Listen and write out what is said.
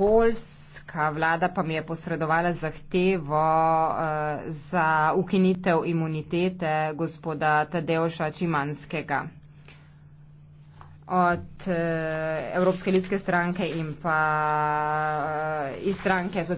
poljska vlada pa mi je posredovala zahtevo uh, za ukinitev imunitete gospoda Tadeuša Čimanskega. Od uh, Evropske ljudske stranke in pa uh, iz stranke so